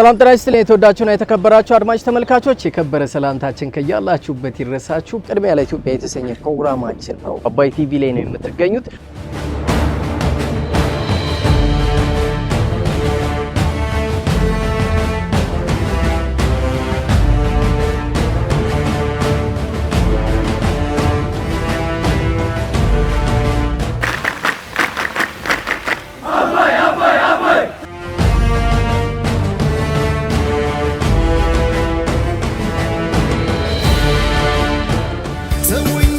ሰላም ጤና ይስጥልኝ የተወዳችሁና የተከበራችሁ አድማጭ ተመልካቾች፣ የከበረ ሰላምታችን ከያላችሁበት ይድረሳችሁ። ቅድሚያ ለኢትዮጵያ የተሰኘ ፕሮግራማችን ነው። አባይ ቲቪ ላይ ነው የምትገኙት። să mă